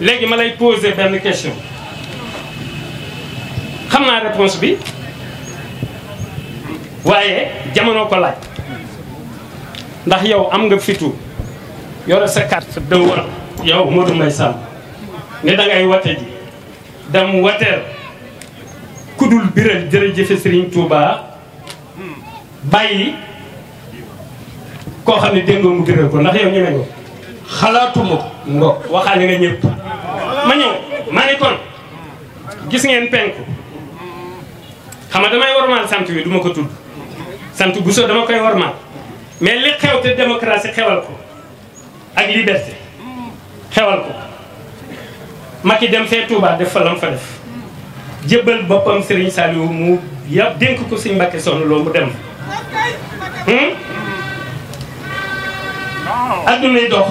léegi ma lay poser benn question xam naa réponse bi waaye jamono ko laaj ndax yow am nga fitu yore sa carte de war yow Modou Mbaye Samb ne da ngay wate ji dem wateel kudul biral jërëjëfe Serigne tuubaa bàyyi koo xam ne déngoo mu biral ko ndax yow ñeme nga xalaatuma ko ngo waxaale nga ñëpp ma ñëw ma ne kon gis ngeen penku xam nga damay wormaal sant wi duma ko tudd sant bu so dama koy wormaal mais li xew te démocratie xewal ko ak liberté xewal ko Macky dem fee Touba def fa lam fa def jébbal boppam Serigne Saliou mu ya dénk ko Serigne Mbacké Soxna Lo mu dem hmm? addunay dox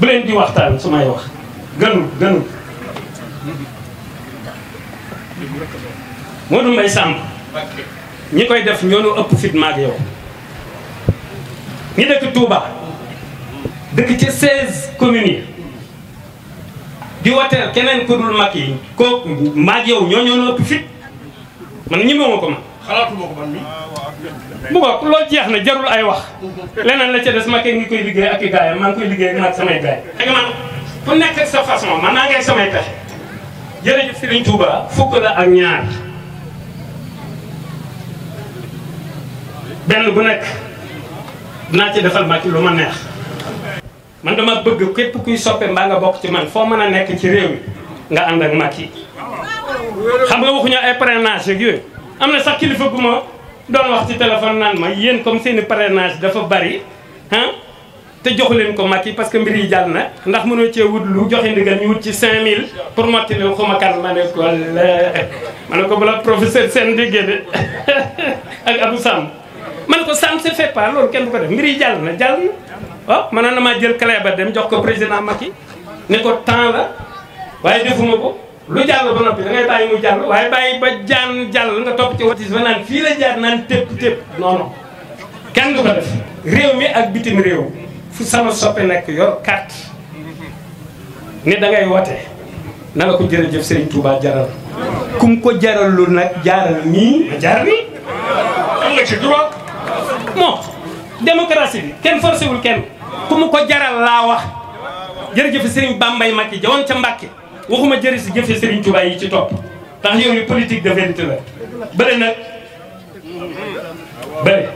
bu leen di waxtaan su may wax gënul gënul Modou Mbaye Samb ñi koy def ñoo nu ëpp fit maag yow ñi dëkk tuuba dëkk ci seize commune yi di wateel keneen ku dul mag yi kooku maag yow ñoo ñoo nu ëpp fit man ñi moo ko man xalaatuma ko man ah, loolu jeex na jarul ay wax leneen la ca des ma kay ngi koy liggéey ak i gaayam maa ngi koy liggéey ak samay gaay léegi man ku nekk sa façon man naa ngay samay pexe jërëjëf Serigne Touba fukk la ak ñaar benn bu nekk dinaa ci defal Mbàkke lu ma neex man dama bëgg képp kuy soppe mbaa nga bokk ci man foo mën a nekk ci réew mi nga ànd ak Mbàkke xam nga waxuñu ay parrainage ak yooyu am na sax kilifa gu ma doon wax ci téléphone naan ma yéen comme seeni parrainage dafa bari ah te joxu leen ko Macky parce que mbir yi jàll na ndax mënoo cee wut lu joxe ndigal ñu wut ci mille pour mottali xuma kan ma ne ko ma ne ko balaa professeur seen déggee de ak Abou Sam ma ne ko ça ne se fait pas loolu kenn du ko def mbir yi jàll na jàll na waaw mënoon na maa jël clé ba dem jox ko président Macky ne ko temps la waaye defuma ko. lu jàll ba noppi da ngay bàyyi mu jàll waaye bàyyi ba jaan jàll nga topp ci watis ba naan fii la jaar naan tépp tépp non kenn du réew mi ak bitim réew fu sama soppe nekk yor carte ne da ngay woote na nga ko jërëjëf Serigne Touba jaral kum ko jaral lu nag jaaral nii ma jaaral nii am nga ci droit bon démocratie bi kenn forcé kenn kum ko jaral laa wax jërëjëf Serigne Bambay Macky jawoon ca Mbacke waxuma jëri si jëfe Serigne Touba yi ci topp ndax yooyu politique de vérité la bële na bële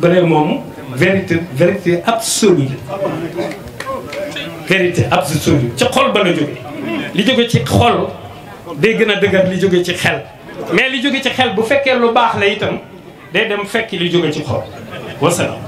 bële moom vérité vérité absolue vérité absolue ci xol ba la jóge li jóge ci xol day gën a dëgër li jóge ci xel mais li jóge ci xel bu fekkee lu baax la itam day dem fekk li jóge ci xol wasalaam